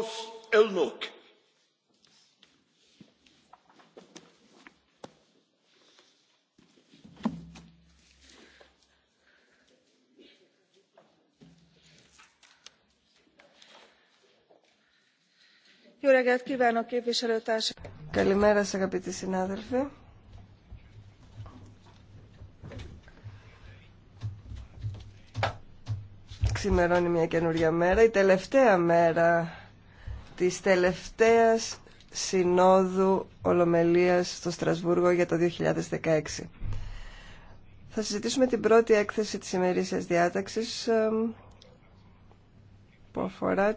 Καλημέρα Elnök. Καλημέρα, αγαπητοί συνάδελφοι! ξημερώνει μια καινούργια μέρα, η τελευταία μέρα της τελευταίας Συνόδου Ολομελίας στο Στρασβούργο για το 2016. Θα συζητήσουμε την πρώτη έκθεση της ημερήσιας διάταξης που αφορά